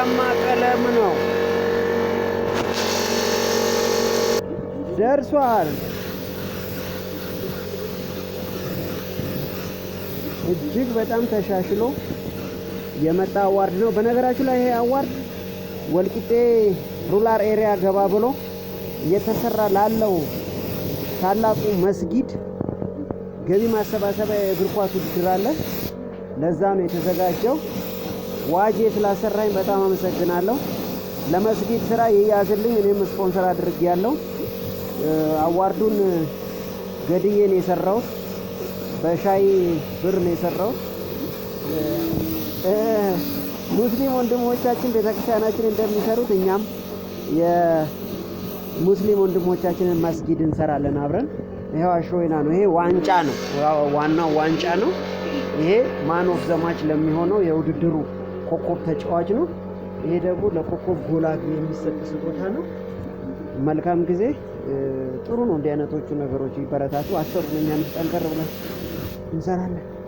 ቡናማ ቀለም ነው። ደርሷል። እጅግ በጣም ተሻሽሎ የመጣ አዋርድ ነው። በነገራችሁ ላይ ይሄ አዋርድ ወልቂጤ ሩላር ኤሪያ ገባ ብሎ እየተሰራ ላለው ታላቁ መስጊድ ገቢ ማሰባሰቢያ የእግር ኳስ ውድድር አለ። ለዛ ነው የተዘጋጀው። ዋጄ ስላሰራኝ በጣም አመሰግናለሁ። ለመስጊድ ስራ ይያዝልኝ። እኔም ስፖንሰር አድርግ ያለው አዋርዱን ገድዬ ነው በሻይ ብር ነው የሰራው። ሙስሊም ወንድሞቻችን ቤተክርስቲያናችን እንደሚሰሩት እኛም የሙስሊም ወንድሞቻችንን መስጊድ እንሰራለን አብረን። ይሄው አሾይና ነው። ይሄ ዋንጫ ነው፣ ዋናው ዋንጫ ነው። ይሄ ማን ኦፍ ዘማች ለሚሆነው የውድድሩ ኮከብ ተጫዋች ነው። ይሄ ደግሞ ለኮከብ ጎላ የሚሰጥ ስጦታ ነው። መልካም ጊዜ። ጥሩ ነው። እንዲህ አይነቶቹ ነገሮች ይበረታቱ። አሰሩን እኛም ጠንከር ብለን እንሰራለን።